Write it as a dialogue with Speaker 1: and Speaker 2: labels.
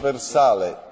Speaker 1: trasversale